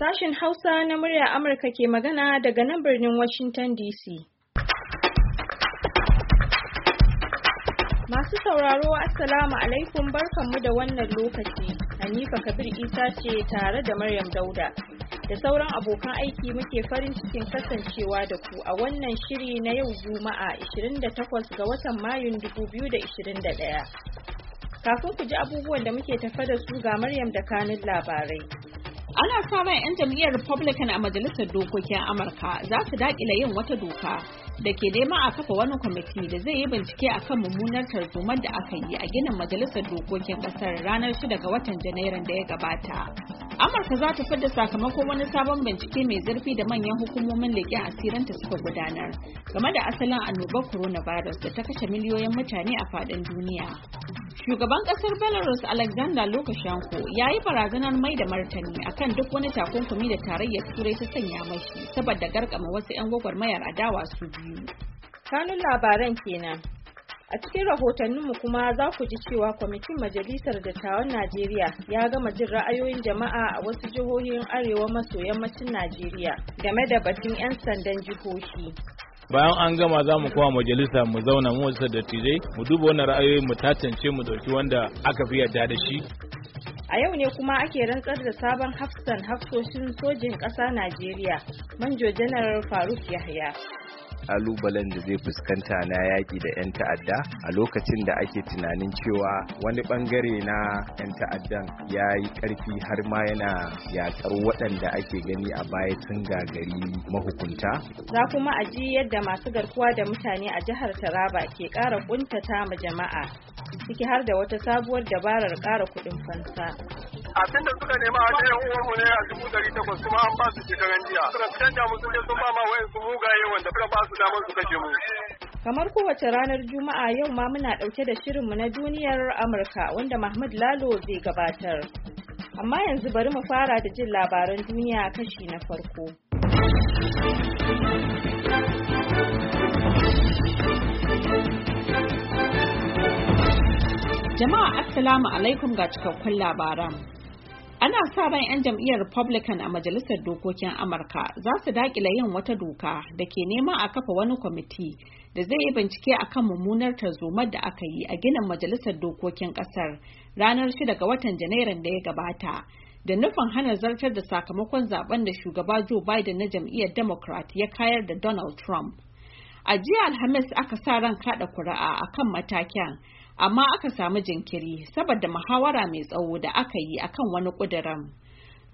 Sashen Hausa na murya Amurka ke magana daga nan birnin Washington DC. Masu sauraro Assalamu alaikum barkanmu da wannan lokaci. Hanifa Kabir Isa ce tare da Maryam Dauda. Da sauran abokan aiki muke farin cikin kasancewa da ku a wannan shiri na yau Juma'a 28 ga watan Mayun 2021. Kafin ku ji abubuwan da muke tafa da su ga Maryam da kanin labarai. Ana sa ran 'yan jam'iyyar Republican a Majalisar Dokokin Amurka za su daƙila yin wata doka da ke nema a kafa wani kwamiti da zai yi bincike a kan mummunar tarzomar da aka yi a ginin Majalisar Dokokin ƙasar ranar 6 ga watan Janairun da ya gabata. Amurka za ta fidda sakamakon wani sabon bincike mai zurfi da manyan hukumomin leƙen asirinta suka gudanar game da asalin annobar coronavirus da ta kashe miliyoyin mutane a faɗin duniya. Shugaban kasar Belarus Alexander Lukashenko ya yi barazanar mai da martani akan duk wani takunkumi da tarayyar turai ta sanya mashi saboda garkama wasu 'yan gwagwarmayar adawa su biyu. Kanun labaran kenan. A cikin rahotanninmu kuma za ku ji cewa kwamitin Majalisar Dattawan Najeriya ya gama jin ra'ayoyin jama'a a wasu jihohin arewa maso yammacin Najeriya game da batun 'yan sandan jihohi. bayan an gama za mu kowa majalisa mu zauna mu da dattijai mu duba wannan ra'ayoyi mu tantance mu dauki wanda aka fi yarda da shi a yau ne kuma ake rantsar da sabon hafsan hafsoshin sojin ƙasa najeriya manjo janar faruk yahya kalubalen da zai fuskanta na yaƙi da 'yan ta'adda a lokacin da ake tunanin cewa wani bangare na 'yan ta'addan ya yi ƙarfi har ma yana yaƙar waɗanda ake gani a baya sun gagari mahukunta. Za kuma a ji yadda masu garkuwa da mutane a jihar Taraba ke ƙara ƙuntata ma jama'a ciki har da wata sabuwar dabarar ƙara kuɗin fansa. abin da suka nema a uwar mu ne a dubu ɗari takwas kuma an ba su shekaran jiya. Suka canja musu ne sun ba ma su mugaye wanda suka ba su damar su kashe mu. Kamar kowace ranar Juma'a yau ma muna ɗauke da shirinmu na duniyar Amurka wanda Mahmud Lalo zai gabatar. Amma yanzu bari mu fara da jin labaran duniya kashi na farko. Jama'a Assalamu alaikum ga cikakkun labaran. Ana sa ran 'yan jam'iyyar Republican a Majalisar Dokokin Amurka za su dakila yin wata doka da ke neman a kafa wani kwamiti da zai yi bincike a kan mummunar tarzoma da aka yi a ginin Majalisar Dokokin Ƙasar ranar 6 ga watan Janairun da ya gabata. Da nufin hana zartar da sakamakon zaben da shugaba Joe Biden na jam'iyyar Democrat ya kayar da Donald Trump. A jiya Alhamis aka sa ran kada kuri'a akan matakin. amma aka samu jinkiri saboda muhawara mai tsawo da aka yi akan wani ƙudiran.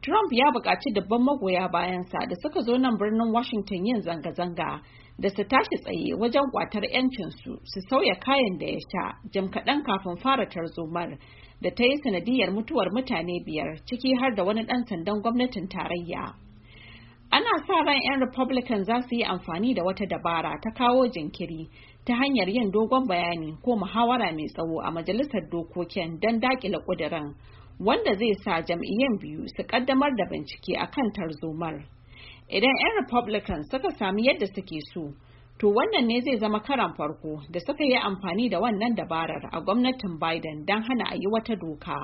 Trump ya buƙaci dabban magoya bayansa da suka zo nan birnin Washington yin zanga-zanga da su tashi tsaye wajen kwatar 'yancinsu su sauya kayan da ya sha jim kaɗan kafin fara tarzomar da ta yi sanadiyar mutuwar mutane biyar ciki har da wani ɗan sandan gwamnatin tarayya. Ana sa ran 'yan Republican za su yi amfani da wata dabara ta kawo jinkiri ta hanyar yin dogon bayani ko muhawara mai tsawo a majalisar dokokin don dakile kudirin wanda zai sa jam'iyyan biyu su kaddamar da bincike a kan tarzomar. Idan 'yan Republican suka sami yadda suke so, to wannan ne zai zama karan farko da suka yi amfani da wannan dabarar a gwamnatin Biden don hana a yi wata doka.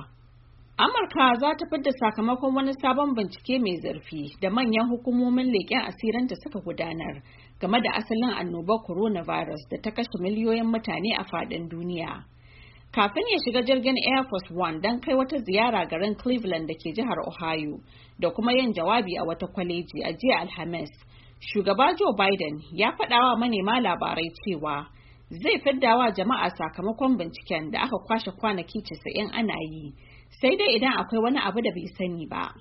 Amurka za ta fidda sakamakon wani sabon bincike mai zurfi da manyan hukumomin leƙen asirin da suka gudanar game da asalin annobar coronavirus da ta kashe miliyoyin mutane a faɗin duniya. Kafin ya shiga jirgin Air Force One don kai wata ziyara garin Cleveland da ke jihar Ohio da kuma yin jawabi a wata kwaleji a jiya Alhamis, shugaba Joe Biden ya faɗawa manema labarai cewa zai wa jama'a sakamakon binciken da aka kwashe kwanaki casa'in ana yi, sai dai idan akwai wani abu da bai sani ba.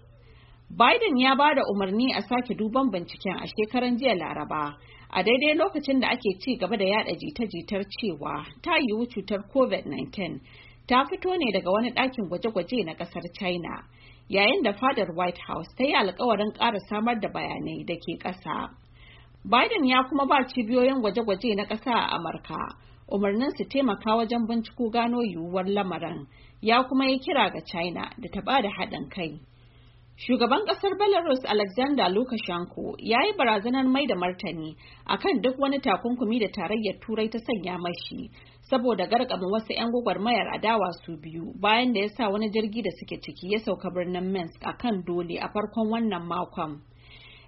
Biden ya ba da umarni a sake duban binciken a shekaran jiya Laraba, a daidai lokacin da ake ci gaba da yada jita-jitar cewa ta yiwu cutar covid-19 ta fito ne daga wani ɗakin gwaje-gwaje na ƙasar china yayin da fadar white house ta yi alkawarin ƙara samar da bayanai da ke ƙasa biden ya kuma ba cibiyoyin gwaje-gwaje na ƙasa a amurka umarnin su taimaka wajen binciko gano yiwuwar lamarin ya kuma yi kira ga china da ta ba da haɗin kai Shugaban kasar Belarus Alexander Lukashenko ya yi barazanar mai da martani akan duk wani takunkumi da tarayyar turai ta sanya mashi saboda gargama wasu 'yan gwagwarmayar adawa su biyu bayan da ya sa wani jirgi da suke ciki ya sauka birnin Minsk akan dole a farkon wannan makon.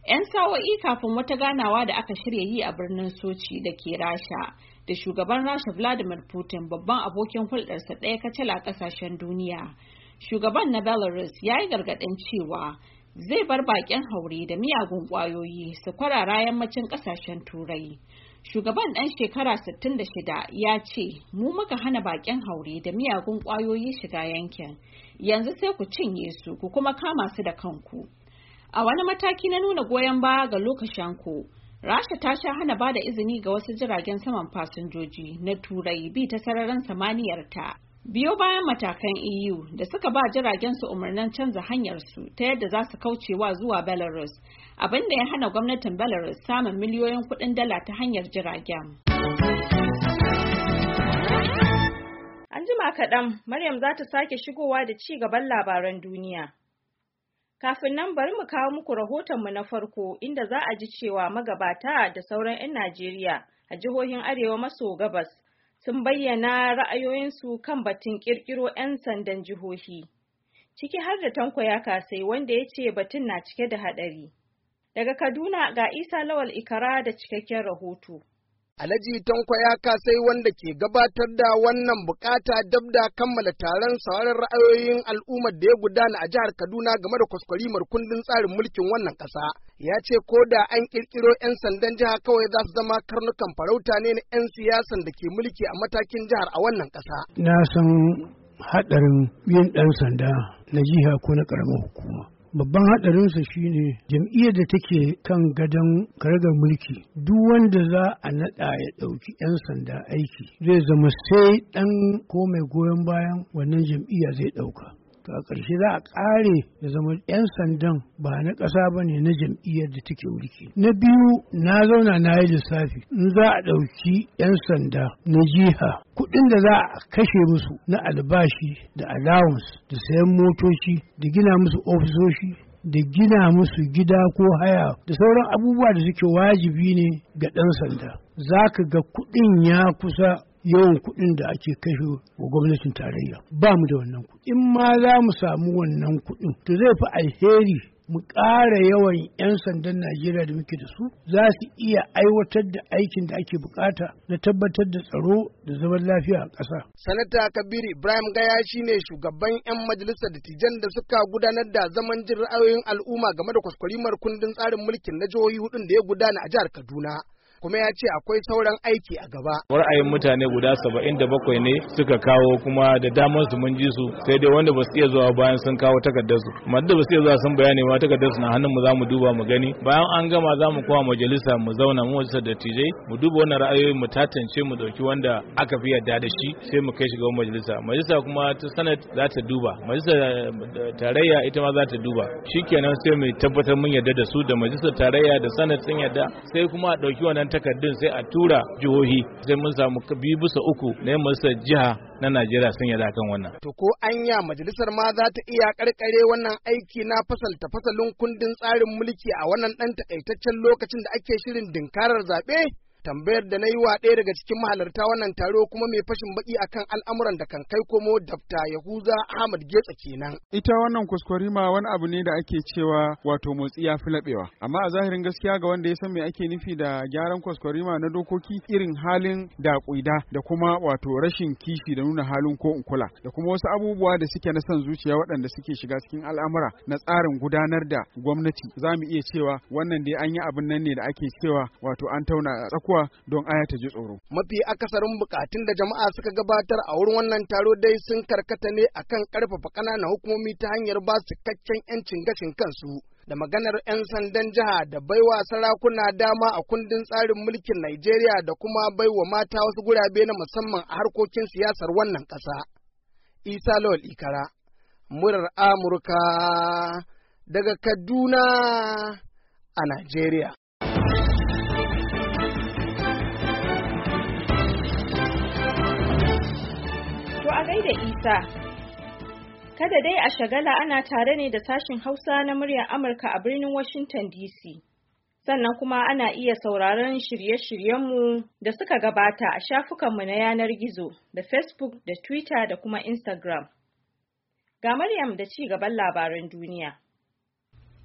'Yan sa'o'i kafin wata ganawa da aka shirya yi a birnin Sochi da ke Rasha da shugaban Rasha Vladimir Putin babban abokin hulɗarsa ɗaya kacal a ƙasashen duniya. Shugaban na Belarus ya yi gargaɗin cewa zai bar baƙin haure da miyagun ƙwayoyi su kwarara yammacin ƙasashen Turai. Shugaban ɗan shekara 66 ya ce, "Mu muka hana baƙin haure da miyagun ƙwayoyi shiga yankin, yanzu sai ku cinye su ku kuma kama su da kanku." A wani mataki na nuna goyon baya ga Lukashenko, Rasha ta sha hana bada izini ga wasu jiragen saman fasinjoji na Turai bi ta sararin samaniyarta biyo bayan matakan eu da suka ba jiragen su umarnin canza hanyar su ta yadda za su kaucewa zuwa belarus abin da ya hana gwamnatin belarus samun miliyoyin kudin dala ta hanyar jiragen an jima kaɗan maryam za ta sake shigowa da ci gaban labaran duniya Kafin nan bari mu kawo muku rahotonmu na farko inda za a ji cewa magabata da sauran 'yan Najeriya a jihohin Arewa maso gabas sun bayyana ra'ayoyinsu kan batun ƙirƙiro 'yan sandan jihohi. Ciki har da Tanko ya kasai wanda ya ce batun na cike da haɗari. Daga Kaduna ga Isa Lawal Ikara da cikakken rahoto. Alhaji Tanko ya kasai wanda ke gabatar da wannan bukata dab da kammala taron sauran ra'ayoyin al'ummar da ya gudana a jihar Kaduna game da kwaskwarimar kundin tsarin mulkin wannan ƙasa. Ya ce ko da an ƙirƙiro 'yan sandan jiha kawai za su zama karnukan farauta ne na 'yan siyasan da ke mulki a matakin jihar a wannan kasa. Na san haɗarin yin ɗan sanda na jiha ko na ƙaramar hukuma. babban haɗarinsa shine jam'iyyar da take kan gadon karagar mulki duk wanda za a naɗa ya ɗauki 'yan sanda aiki zai zama sai ɗan ko mai goyon bayan wannan jam'iyya zai ɗauka to a ƙarshe za a ƙare ya zama 'yan sandan ba na ƙasa ba ne na jam'iyyar da take mulki. Na biyu na zauna na yi lissafi in za a ɗauki 'yan sanda na jiha kuɗin da za a kashe musu na albashi da allowance da sayan motoci da gina musu ofisoshi da gina musu gida ko haya da sauran abubuwa da suke wajibi ne ga ɗan sanda. Za ka ga kuɗin ya kusa yawan kuɗin da ake kashe wa gwamnatin tarayya ba mu da wannan kuɗi in ma za mu samu wannan kuɗin to zai fi alheri mu ƙara yawan 'yan sandan Najeriya da muke da su za su iya aiwatar da aikin da ake bukata na tabbatar da tsaro da zaman lafiya a ƙasa. Sanata Kabiru Ibrahim Gaya shi ne shugaban 'yan majalisar dattijan da suka gudanar da zaman jin ra'ayoyin al'umma game da kwaskwarimar kundin tsarin mulkin na jihohi hudun da ya gudana a jihar Kaduna. kuma ya ce akwai sauran aiki a gaba. Ra'ayin mutane guda saba'in da bakwai ne suka kawo kuma da damar su mun ji su sai dai wanda ba su iya zuwa bayan sun kawo takardar su. Madu da ba su iya zuwa sun bayani ma takardar su na hannun mu za mu duba mu gani bayan an gama za mu koma majalisa mu zauna mu majalisar dattijai mu duba wannan ra'ayoyi mu tantance mu dauki wanda aka fi yarda da shi sai mu kai shi ga majalisa. Majalisa kuma ta sanat za ta duba Majalisa eh, tarayya ita ma za ta duba shikenan sai mu tabbatar mun yarda da su da majalisa tarayya da sanat sun yarda sai kuma a dauki wannan takardun sai a tura jihohi sai mun samu biyu bisa uku na majalisar jiha na Najeriya sun yi kan wannan. To ko anya majalisar ma za ta iya karkare wannan aiki na fasalta fasalin kundin tsarin mulki a wannan dan takaitaccen lokacin da ake shirin dinkarar zaɓe? tambayar da na yi wa ɗaya daga cikin mahalarta wannan taro kuma mai fashin baki akan al'amuran da kan kai komo dafta yahuza ahmad getsa kenan ita wannan kuskurima wani abu ne da ake cewa wato motsi ya fi laɓewa amma a zahirin gaskiya ga wanda ya san me ake nufi da gyaran kuskurima na dokoki irin halin da kuida da kuma wato rashin kishi da nuna halin ko in kula da kuma wasu abubuwa da suke na son zuciya waɗanda suke shiga cikin al'amura na tsarin gudanar da gwamnati za mu iya cewa wannan dai an yi abin nan ne da ake cewa wato an tauna tsako kuwa don aya ta ji tsoro. Mafi akasarin bukatun da jama'a suka gabatar a wurin wannan taro dai sun karkata ne a kan karfafa ƙananan hukumomi ta hanyar ba su kakken 'yancin gashin kansu. Da maganar 'yan sandan jiha da baiwa sarakuna dama a kundin tsarin mulkin Najeriya da kuma baiwa mata wasu gurabe na musamman a harkokin siyasar wannan ƙasa. Isa Lawal Ikara, murar Amurka daga Kaduna a Najeriya. a da Isa. Kada dai a shagala ana tare ne da sashin Hausa na muryar Amurka a birnin Washington DC. Sannan kuma ana iya sauraron shirye-shiryenmu da suka gabata a shafukanmu na yanar gizo da Facebook da Twitter da kuma Instagram. Ga Maryam da ci gaban labaran duniya.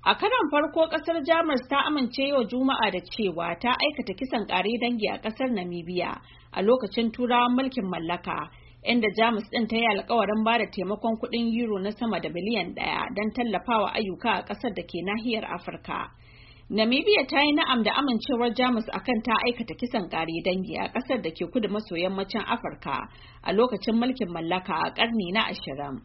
A karon farko kasar Jamus ta amince yau Juma'a da cewa ta aikata kisan kare dangi a kasar Namibia a lokacin turawan mulkin mallaka inda Jamus ɗin ta yi alkawarin ba da taimakon kuɗin euro na sama da biliyan ɗaya don tallafawa ayyuka a ƙasar da ke nahiyar Afirka. Namibia ta yi na'am da amincewar Jamus akan ta aikata kisan ƙare dangi a ƙasar da ke kudu maso yammacin Afirka a lokacin mulkin mallaka a ƙarni na ashirin.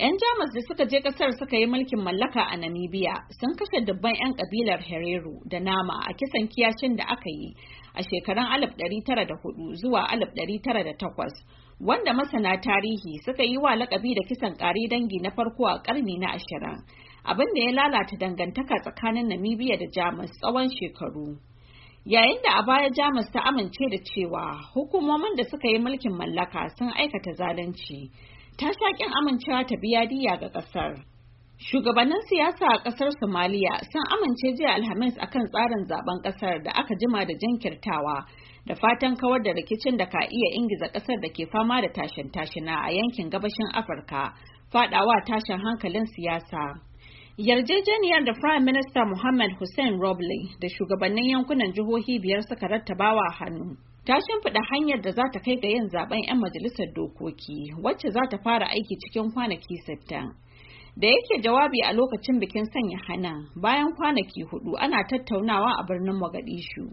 'Yan Jamus da suka je ƙasar suka yi mulkin mallaka a Namibia sun kashe dubban 'yan ƙabilar Hereru da Nama a kisan kiyashin da aka yi a shekarun 1904 zuwa 1908 wanda masana tarihi suka yi wa lakabi da kisan ƙari dangi na farko a ƙarni na ashirin abinda ya lalata dangantaka tsakanin namibia da jamus tsawon shekaru yayin da a baya jamus ta amince da cewa hukumomin da suka yi mulkin mallaka sun aikata zalunci ta sha ƙin amincewa ta biya diya ga ƙasar Shugabannin siyasa a kasar Somalia sun amince jiya Alhamis akan tsarin zaben kasar da aka jima da jinkirtawa da fatan kawar da rikicin da ka iya ingiza kasar da ke fama da tashin tashina a yankin gabashin Afirka fadawa tashin hankalin siyasa. Yarjejeniyar da Prime Minister Mohammed Hussein Roble da shugabannin yankunan jihohi biyar suka rattabawa hannu. ta shimfiɗa hanyar da za ta kai ga yin zaben 'yan majalisar dokoki wacce za ta fara aiki cikin kwanaki sittin. da yake jawabi a lokacin bikin sanya hana bayan kwanaki hudu ana tattaunawa a birnin mogadishu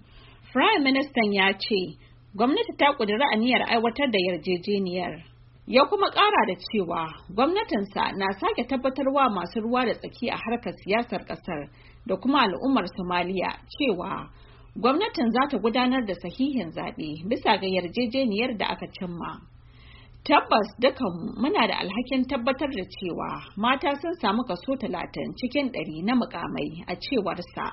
prime minister ya ce gwamnati ta kudura aniyar aiwatar da yarjejeniyar ya kuma kara da cewa gwamnatinsa na sake tabbatarwa masu ruwa da tsaki a harkar siyasar kasar da kuma al'ummar somaliya cewa gwamnatin za ta gudanar da sahihin zaɓe bisa ga yarjejeniyar da aka cimma. Tabbas dukan muna da alhakin tabbatar da cewa mata sun samu kaso talatin cikin ɗari na mukamai a cewarsa.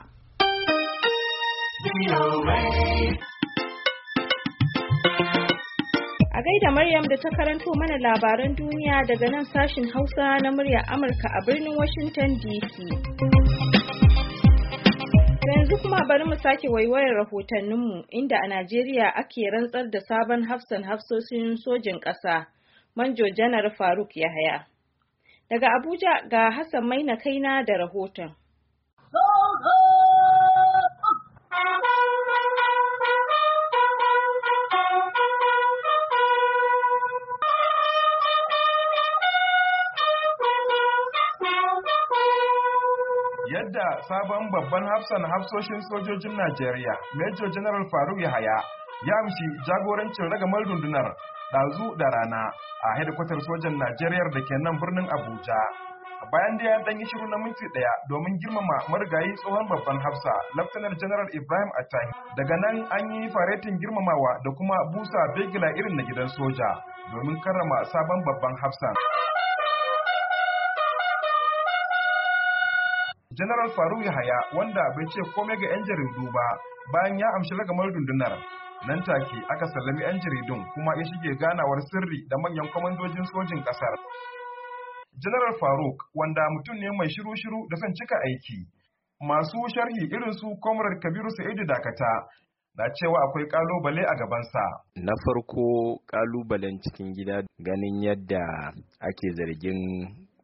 A gaida Maryam da ta karanto mana labaran duniya daga nan sashin Hausa na murya Amurka a birnin Washington DC. yanzu kuma bari mu sake waiwayar rahotanninmu inda a Najeriya ake rantsar da sabon hafsan hafsoshin sojin ƙasa, Manjo Janar Faruk Yahaya. Daga Abuja ga Hassan Maina Kaina da rahoton. sabon babban hafsan hafsoshin sojojin Najeriya, Major General Faruk Yahaya, ya amshi jagorancin ragamar rundunar ɗazu da rana a hedikwatar sojan Najeriya da ke nan birnin Abuja. Bayan da ya dan yi shiru na minti ɗaya domin girmama marigayi tsohon babban hafsa, Laftanar General Ibrahim Atahi. Daga nan an yi faretin girmamawa da kuma busa begila irin na gidan soja domin karrama sabon babban hafsan. General Faruk Yahaya wanda bai ce komai ga 'yan jaridu ba bayan ya amshi ragamar rundunar. Nan take aka sallami 'yan jaridun kuma ya shige ganawar sirri da manyan kwamandojin sojin ƙasar. General Faruk wanda mutum ne mai shiru-shiru da son cika aiki. Masu sharhi irin su Comrade Kabiru Sa'idu Dakata na cewa akwai ƙalubale a gabansa. Na farko ƙalubalen cikin gida ganin yadda ake zargin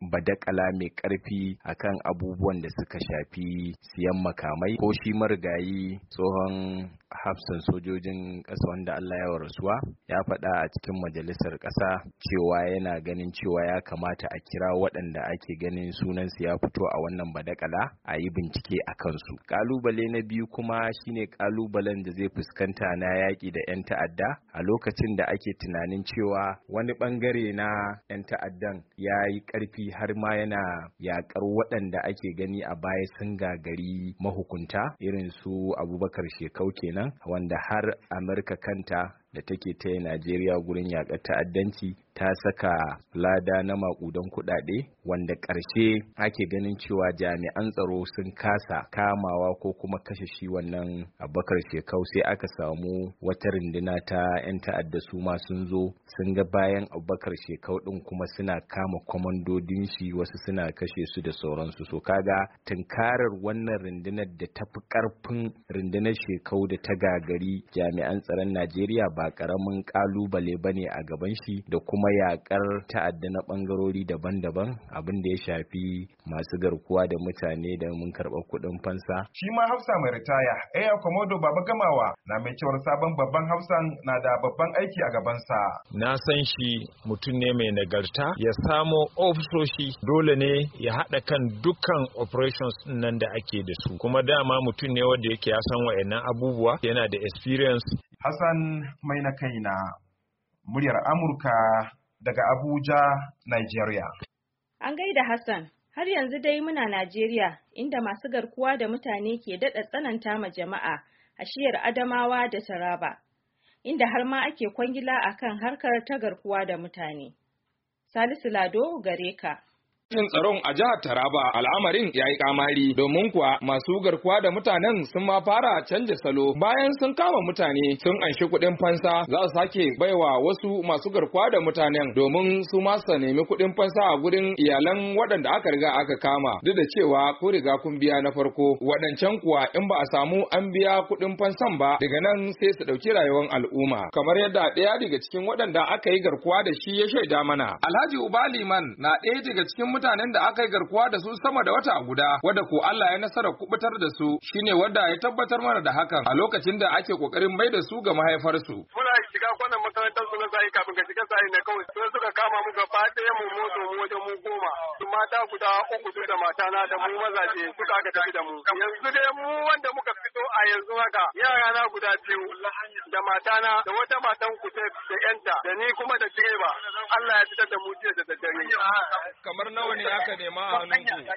badakala mai karfi akan abubuwan da suka shafi siyan makamai ko shi marigayi tsohon hafsan sojojin ƙasa wanda Allah ya rasuwa ya faɗa a cikin majalisar ƙasa cewa yana ganin cewa ya kamata a kira waɗanda ake ganin sunansu ya fito a wannan badakala a yi bincike a kansu. Ƙalubale na biyu kuma shine ƙalubalen da zai fuskanta na yaƙi da 'yan ta'adda a lokacin da ake tunanin cewa wani ɓangare na 'yan ta'addan ya yi ƙarfi har ma yana yakar waɗanda ake gani a baya sun gagari mahukunta irin su abubakar shekau kenan wanda har amurka kanta da take tayi Najeriya gurin yaƙar ta'addanci ta saka lada na makudan kuɗaɗe wanda ƙarshe ake ganin cewa jami'an tsaro sun kasa kamawa ko kuma kashe shi wannan abakar shekau sai aka samu wata rinduna ta 'yan ta'adda su ma sun zo sun ga bayan abakar shekau ɗin kuma suna kama kwamandodin shi wasu suna kashe su da sauransu so kaga tunkarar wannan rundunar da ta fi ƙarfin rundunar shekau da ta gagari jami'an tsaron Najeriya ba karamin kalubale ba ne a gaban shi da kuma yakar ta'adda na bangarori daban-daban abin da ya shafi masu garkuwa da mutane da mun karɓa kuɗin fansa. Shi ma Hausa mai ritaya, Eya Komodo Baba Gamawa na mai cewar sabon babban Hafsan na da babban aiki a gabansa. Na san shi mutum ne mai nagarta ya samo ofisoshi dole ne ya haɗa kan dukkan operations nan da ake da su. Kuma dama mutum ne wanda yake ya san wa'annan abubuwa yana da experience Hassan mai na kaina, muryar Amurka daga Abuja, Nigeria. An gaida Hassan, har yanzu dai muna Najeriya inda masu garkuwa da mutane ke daɗa tsananta ma jama'a a shiyar Adamawa da Taraba, inda har ma ake kwangila kan harkar ta garkuwa da mutane. Salisu Lado gare ka. rashin tsaron a jihar Taraba al'amarin ya yi kamari domin kuwa masu garkuwa da mutanen sun ma fara canja salo bayan sun kama mutane sun anshi kuɗin fansa za su sake baiwa wasu masu garkuwa da mutanen domin su ma su nemi kuɗin fansa a gurin iyalan waɗanda aka riga aka kama duk da cewa ko riga kun biya na farko waɗancan kuwa in ba a samu an biya kuɗin fansan ba daga nan sai su ɗauki rayuwar al'umma kamar yadda ɗaya daga cikin waɗanda aka yi garkuwa da shi ya shaida mana Alhaji Uba Liman na ɗaya daga cikin mutanen da aka yi garkuwa da su sama da wata guda wadda ko Allah ya nasara kubutar da su shine wadda ya tabbatar mana da hakan a lokacin da ake kokarin mai da su ga mahaifarsu. Muna shiga kwanan makarantar su na sa'i kafin ka shiga sa'i na kawai sun suka kama mu gaba ɗaya mu motsa mu wajen mu goma. Mata guda uku su da matana da mu mazaje suka aka tafi da mu. Yanzu dai mu wanda muka fito a yanzu haka yara na guda biyu da matana da wata matan kuta da yanta da ni kuma da direba Allah ya fitar da mu jiya da daddare. Kamar na nawa ne aka nema a hannunku?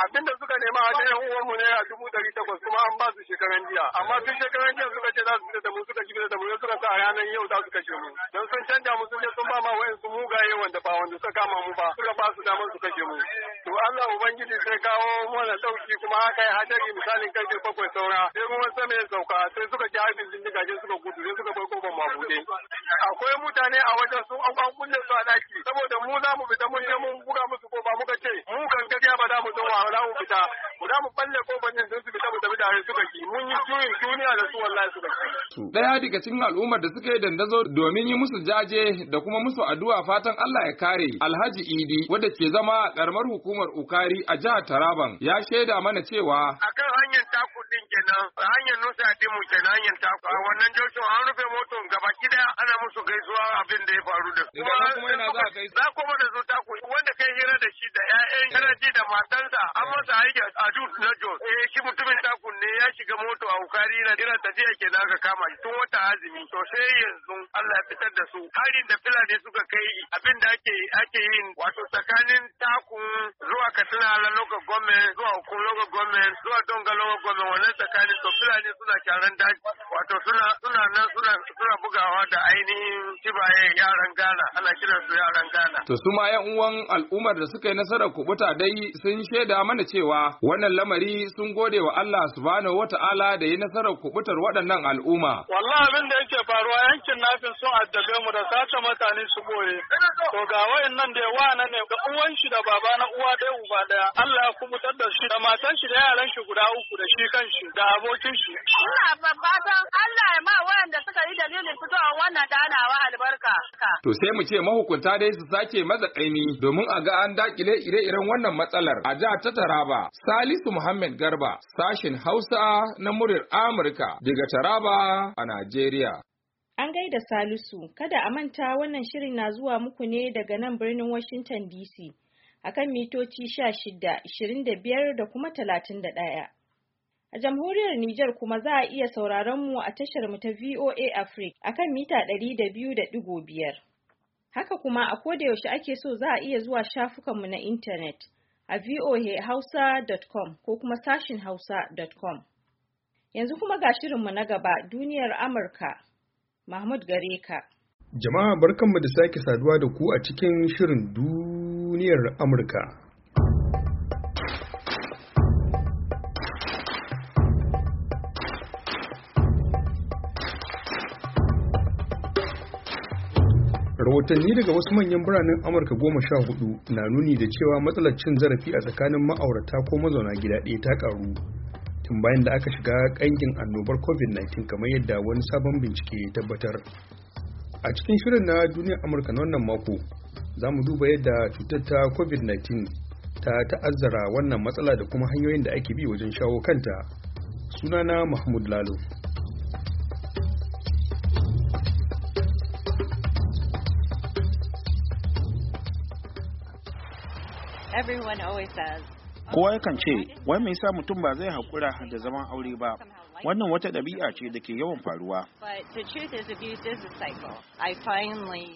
Abin da suka nema a ɗayan uwanmu ne a dubu ɗari takwas kuma an ba su shekaran jiya. Amma tun shekaran jiya suka ce za su fita da mu suka kibita da mu suka sa a ranar yau za su kashe mu. Don sun canja mu sun je sun ba ma su mugaye wanda ba wanda suka kama mu ba suka ba su damar su kashe mu. to Allah ubangiji sai kawo mana sauki kuma aka yi hadari misalin kai bakwai saura sai ruwan sama ya sauka sai suka ji harbin bindiga sai suka gudu sai suka bar kofar mabude akwai mutane a wajen sun an kulle su a daki saboda mu za mu fita mun je mun buga musu kofa muka ce mu kan gaskiya ba za mu zo ba za mu fita mu za mu balle kofar nan sun su fita mu tafi tare suka ki mun yi juyin duniya da su wallahi suka ki daya daga cikin al'ummar da suka yi dandazo domin yi musu jaje da kuma musu addu'a fatan Allah ya kare Alhaji Idi wanda ke zama karamar hukumar hukumar Ukari a jihar Taraban ya shaida mana cewa akan hanyar taku din kenan hanyar nusa mu kenan hanyar taku a wannan Jojo an rufe moton gaba kida ana musu gaisuwa abin da ya faru da su kuma yana za ka za kuma taku wanda kai hira da shi da ƴaƴan karaji da matansa an masa aiki a jus na jos eh shi mutumin taku ne ya shiga moto a Ukari na jiran tafiya kenan ka kama tun wata azumi to sai yanzu Allah ya fitar da su harin da Fulani suka kai abin da ake ake yin wato tsakanin takun zuwa katsina na local gomen zuwa uku local government zuwa donga local gomen wannan tsakanin to fulani suna kyaran daji wato suna suna nan suna suna bugawa da ainihin tibaye yaran Ghana ana kiran su yaran Ghana to su ma yan uwan al'ummar da suka yi nasarar kubuta dai sun shaida mana cewa wannan lamari sun gode wa Allah subhanahu wata'ala da ya nasarar kubutar waɗannan al'umma wallahi abin da yake faruwa yankin nafin sun addabe mu da sace mutane su boye to ga wayannan da yawa ne da uwan shi da baba na uwa uwa ɗaya uba ɗaya Allah ya kuma da shi da matan shi da yaran shi guda uku da shi kan shi da abokin shi. Ina babba san Allah ya ma waɗanda suka yi dalilin fitowa wannan danawa albarka. To sai mu ce mahukunta dai su sake maza ƙaimi domin a ga an dakile ire-iren wannan matsalar a jihar ta Taraba. Salisu Muhammad Garba sashin Hausa na muryar Amurka daga Taraba a Najeriya. An gaida Salisu, kada a manta wannan shirin na zuwa muku ne daga nan birnin Washington DC. akan mitoci 16, 25 da kuma 31. A jamhuriyar Nijar kuma za a iya sauraron mu a tashar mu ta VOA Africa akan mita 200.5. Haka kuma a koda yaushe ake so za a iya zuwa shafukanmu na intanet a voahausa.com ko kuma sashin hausa.com. Yanzu kuma ga shirinmu na gaba duniyar Amurka. Mahmud Gareka. Jama'a barkanmu da sake saduwa da ku a cikin shirin duniyar Amurka. Rahotanni daga wasu manyan biranen Amurka goma sha hudu na nuni da cewa matsalar cin zarafi a tsakanin ma'aurata ko mazauna gida ɗaya ta ƙaru. Tun bayan da aka shiga ƙangin annobar COVID-19 kamar yadda wani sabon bincike ya tabbatar. A cikin shirin na duniyar Amurka na wannan mako, za mu duba yadda cutar ta COVID-19 ta ta'azzara wannan matsala da kuma hanyoyin da ake bi wajen shawo kanta. Sunana Mahmud Lalo. Kowa yakan ce, wai mai sa mutum ba zai haƙura da zaman aure ba, Wannan wata ɗabi'a ce da ke yawan faruwa.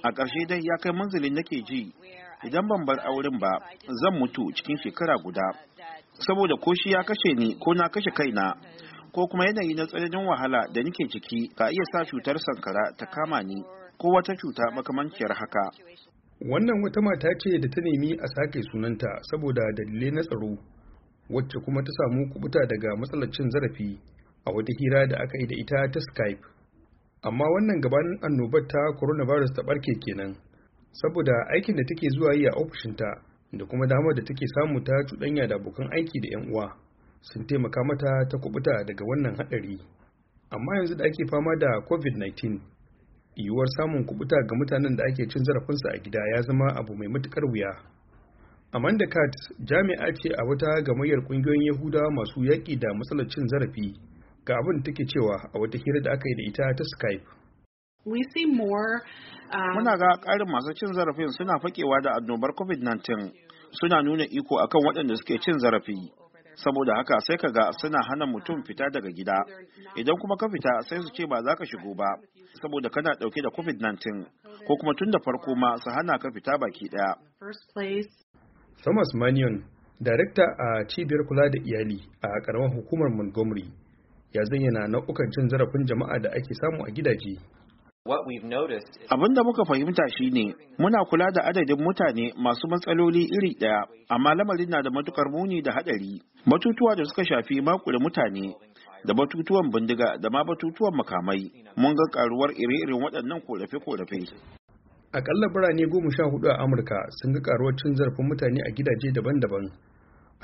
A ƙarshe dai ya kai manzilin nake ji, idan ban bar auren ba, zan mutu cikin shekara guda. Saboda ko shi ya kashe ni ko na kashe kaina, ko kuma yanayi na tsananin wahala da nike ciki ka iya sa cutar sankara ta kama ni ko wata cuta makamanciyar haka. Wannan wata mata ce da ta nemi a sake sunanta saboda dalilai na tsaro, wacce kuma ta samu kubuta daga matsalar cin zarafi. a wata hira da aka yi da ita ta Skype. Amma wannan gabanin annobar ta coronavirus ta barke kenan, saboda aikin da take zuwa yi a ofishinta da kuma damar da take samu ta cuɗanya da abokan aiki da 'yan uwa sun taimaka mata ta kubuta daga wannan haɗari. Amma yanzu da ake fama da COVID-19, yiwuwar samun kubuta ga mutanen da ake cin zarafinsa a gida ya zama abu mai matuƙar wuya. Amanda Katz jami'a ce a wata gamayyar kungiyoyin Yahuda masu yaƙi da matsalar cin zarafi ga abin take cewa a wata hira da aka yi da ita ta skype We see uh, Muna ga ƙarin masu cin zarafin suna fakewa da annobar COVID-19 suna nuna iko akan waɗanda suke cin zarafi. Saboda haka sai ka ga suna hana mutum fita daga gida. Idan kuma ka fita sai su ce ba za ka shigo ba, saboda kana ɗauke da COVID-19 ko kuma tun da farko ma su hana ka fita baki ɗaya. Thomas Manion, Darekta a Cibiyar Kula da Iyali a ƙaramar hukumar Montgomery, ya zayyana nau'ukan cin zarafin jama'a da ake samu a gidaje. Abin da muka fahimta shine muna kula da adadin mutane masu matsaloli iri ɗaya, amma lamarin na da matukar muni da haɗari. Batutuwa da suka shafi makule mutane da batutuwan bindiga da ma batutuwan makamai mun ga karuwar ire-iren waɗannan korafe-korafe. Akalla birane goma sha hudu a Amurka sun ga karuwar cin zarafin mutane a gidaje daban-daban.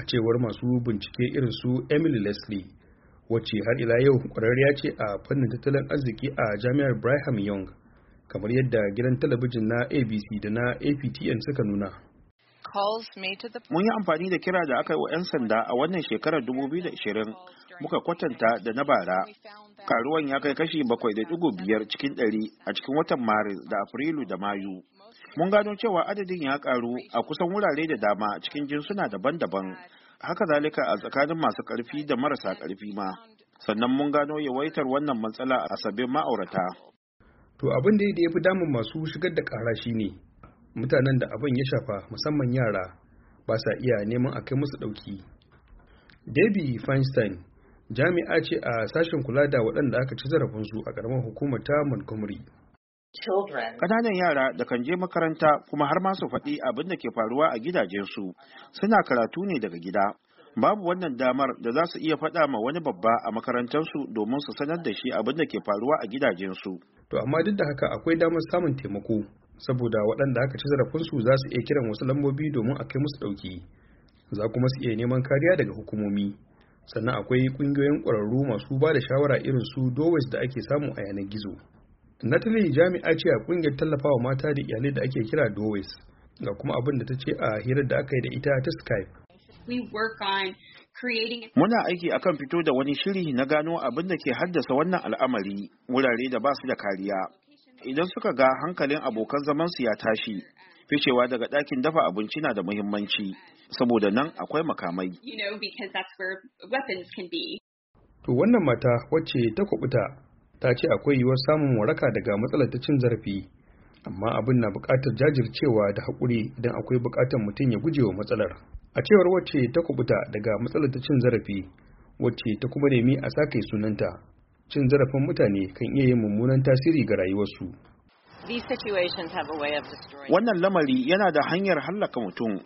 A cewar masu bincike irin su Emily Leslie, wacce har ila yau kwararriya ce a fannin tattalin arziki a jami'ar Brigham Young kamar yadda gidan talabijin na ABC da na APTN suka nuna. Mun yi amfani da kira da aka yi wa 'yan sanda a wannan shekarar 2020 muka kwatanta da na bara. Karuwan ya kai kashi da biyar cikin 100 a cikin watan Maris da Afrilu da Mayu. Mun gano cewa adadin ya karu a kusan wurare da dama cikin jinsuna daban-daban haka zalika a tsakanin masu ƙarfi da marasa ƙarfi ma sannan mun gano yawaitar wannan matsala a sabbin ma'aurata to abin da ya fi damun masu shigar da ƙara shine mutanen da abin ya shafa musamman yara ba sa iya neman a kai musu ɗauki debbie feinstein jami'a ce a sashen kula da waɗanda aka ci zarafin su a ƙaramar hukumar ta montgomery Ƙananan yara da kan je makaranta kuma har ma su faɗi abin da ke faruwa a gidajensu suna karatu ne daga gida. Babu wannan damar da za su iya faɗa ma wani babba a makarantarsu domin su sanar da shi abin da ke faruwa a gidajensu. To amma duk da haka akwai damar samun taimako saboda waɗanda aka ci zarafinsu za su iya kiran wasu lambobi domin a kai musu ɗauki. Za kuma su iya neman kariya daga hukumomi. Sannan akwai ƙungiyoyin ƙwararru masu ba da shawara irin su da ake samu a yanar gizo. Natalie jami'a ce a kungiyar tallafawa mata da iyalai da ake kira Dowes ga kuma abin da ta ce a hirar da aka yi da ita ta Skype. Muna aiki akan fito da wani shiri na gano abin da ke haddasa wannan al'amari wurare da ba su da kariya. Idan suka ga hankalin abokan zamansu ya tashi, ficewa daga ɗakin dafa abinci na da muhimmanci, saboda nan akwai makamai. To wannan mata wacce ta kubuta ta ce akwai yiwuwar samun waraka daga matsalar ta cin zarafi amma abin na buƙatar jajircewa da haƙuri idan akwai buƙatar mutum ya guje wa matsalar a cewar wacce ta kubuta daga matsalar ta cin zarafi wacce ta kuma nemi a sake sunanta cin zarafin mutane kan iya yin mummunan tasiri ga rayuwarsu wannan lamari yana da hanyar hallaka mutum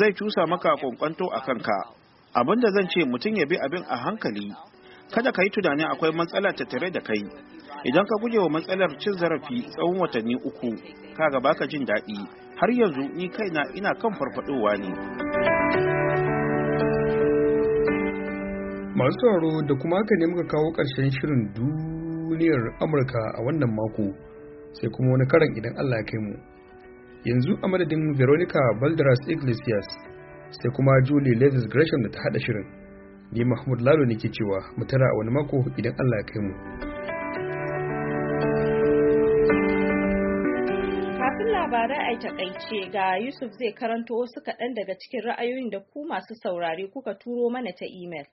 zai cusa maka kwankwanto a kanka abinda zan ce mutum ya bi abin a hankali kada ka yi tunanin akwai matsala tattare da kai idan ka gujewa matsalar cin zarafi tsawon watanni uku ka kaga baka jin daɗi har yanzu ni kaina ina kan farfadowa ne masu sauraro da kuma haka ne muka kawo ƙarshen shirin duniyar amurka a wannan mako sai kuma wani karan idan allah ya kai mu yanzu a madadin veronica balderas iglesias sai kuma julie levis gresham da ta haɗa shirin ni mahmud lalo ne ke cewa mutara tara a wani mako idan allah ya kai mu kafin labarai a takaice ga yusuf zai karanto wasu kaɗan daga cikin ra'ayoyin da ku masu saurare kuka turo mana ta imel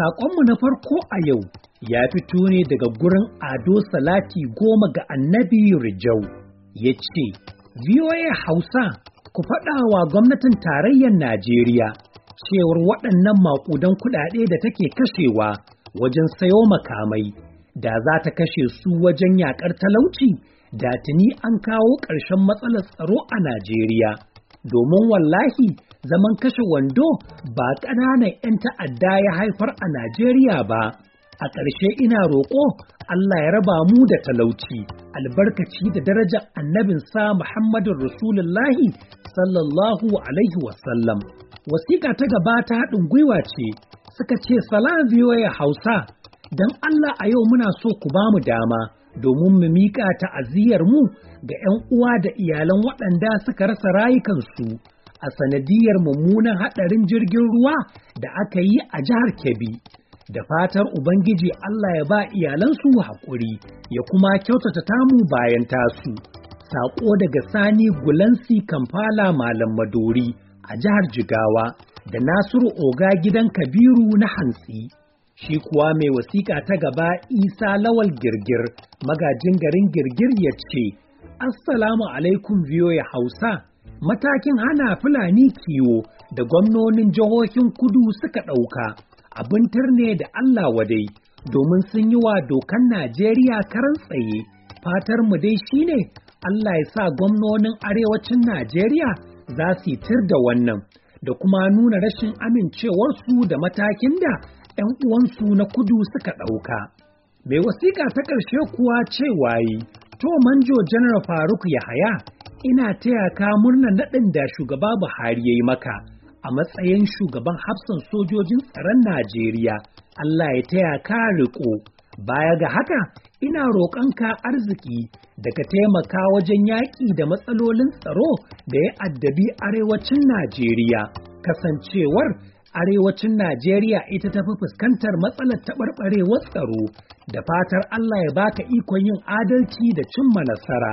Saƙonmu na farko a yau ya fito ne daga gurin ado salati goma ga annabi Rijau ya ce, VOA Hausa ku faɗa wa gwamnatin tarayyar Najeriya cewar waɗannan maƙudan kuɗaɗe da take kashewa wajen sayo makamai da za ta kashe su wajen yaƙar talauci da tuni an kawo ƙarshen matsalar tsaro a Najeriya. Domin wallahi zaman kashe wando ba ƙananan 'yan ta'adda ya haifar a Najeriya ba. A ƙarshe ina roƙo Allah ya raba mu da talauci, albarkaci da daraja annabinsa Muhammadun Rasulullahi sallallahu Alaihi wasallam. Wasiƙa ta gaba ta haɗin gwiwa ce, suka ce salam ya Hausa, don Allah a yau muna so ku ba mu dama. domin mu miƙa ta'aziyyarmu ga 'yan uwa da iyalan waɗanda suka rasa rayukansu a sanadiyar mummunan haɗarin jirgin ruwa da aka yi a jihar Kebbi da fatar Ubangiji Allah ya ba iyalansu haƙuri ya kuma kyautata tamu bayan tasu. Saƙo daga Sani Gulansi Kamfala Malam Madori a jihar Jigawa da Nasiru Oga gidan Kabiru na Hantsi. Shi kuwa mai wasiƙa ta gaba Isa Lawal Girgir, magajin garin Girgir ya ce, Assalamu alaikum ya Hausa, matakin hana Fulani kiwo da gwamnonin jihohin kudu suka ɗauka. abin turne da Allah wadai domin sun yi wa dokan Najeriya karan tsaye. Fatar mu dai shine Allah ya sa gwamnonin arewacin Najeriya za su tir da wannan da kuma nuna rashin amincewarsu da matakin da 'yan uwansu na kudu suka ɗauka. Mai wasiƙa ta ƙarshe kuwa ce waye to manjo janar Faruk Yahaya ina taya ka murnar naɗin da shugaba Buhari ya maka. a matsayin shugaban hafsan sojojin tsaron Najeriya, Allah ya taya ka riko. Baya ga haka, ina roƙon ka arziki daga taimaka wajen yaƙi da matsalolin tsaro da ya addabi arewacin Najeriya. Kasancewar arewacin Najeriya ita ta fi fuskantar matsalar taɓarɓarewar tsaro da fatar Allah ya baka ikon yin adalci da cimma nasara.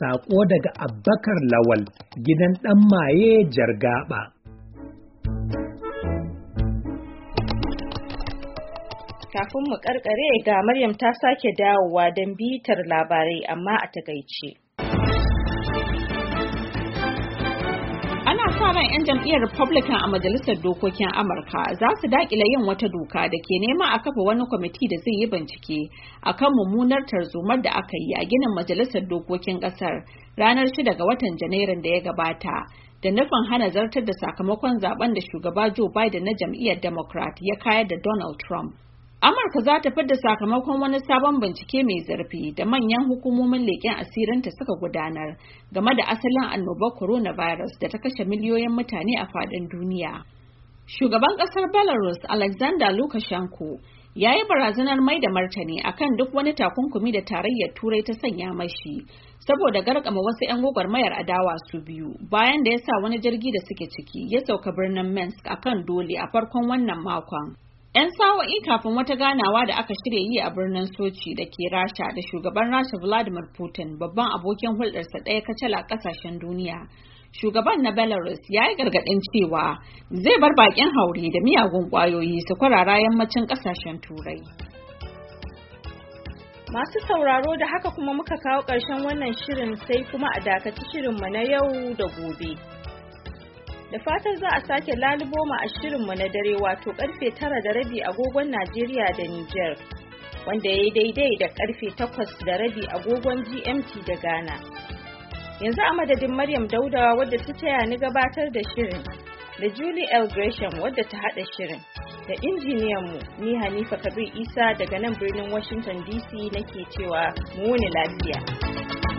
Saƙo daga Abbakar Lawal, gidan ɗan maye jargaɓa. Kafin mu karkare ga Maryam ta sake dawowa don bitar labarai amma a takaice. Ana sa ran 'yan jam'iyyar Republican a Majalisar Dokokin Amurka za su dakile yin wata doka da ke nema a kafa wani kwamiti da zai yi bincike akan mummunar tarzomar da aka yi a ginin Majalisar Dokokin Ƙasar ranar 6 ga watan Janairun da ya gabata da nufin hana zartar da sakamakon zaben da shugaba Joe Biden na jam'iyyar Democrat ya kayar da Donald Trump. Amurka za ta fidda sakamakon wani sabon bincike mai zurfi da manyan hukumomin leƙen asirinta suka gudanar game da asalin annobar coronavirus da ta kashe miliyoyin mutane a faɗin duniya. Shugaban ƙasar Belarus Alexander Lukashenko ya yi barazanar mai da martani akan duk wani takunkumi da tarayyar turai ta sanya mashi saboda garkama wasu 'yan gwagwarmayar adawa su biyu bayan da ya sa wani jirgi da suke ciki ya sauka birnin minsk akan dole a farkon wannan makon 'yan sawa'i kafin wata ganawa da aka shirya yi a birnin sochi da ke rasha da shugaban rasha vladimir putin babban abokin hulɗarsa ɗaya kacal a ƙasashen duniya shugaban na belarus ya yi gargaɗin cewa zai bar baƙin haure da miyagun ƙwayoyi su kwarara yammacin ƙasashen turai masu sauraro da haka kuma muka kawo ƙarshen wannan shirin sai kuma a dakaci shirinmu na yau da gobe da fatan za a sake lalubo mu a shirinmu na dare wato karfe tara da rabi agogon najeriya da niger wanda ya yi daidai da karfe takwas da rabi agogon gmt da ghana yanzu a madadin maryam daudawa wadda ta taya ni gabatar da shirin da julie l gresham wadda ta haɗa shirin da injiniyanmu ni hanifa kabir isa daga nan birnin washington dc nake cewa mu ne lafiya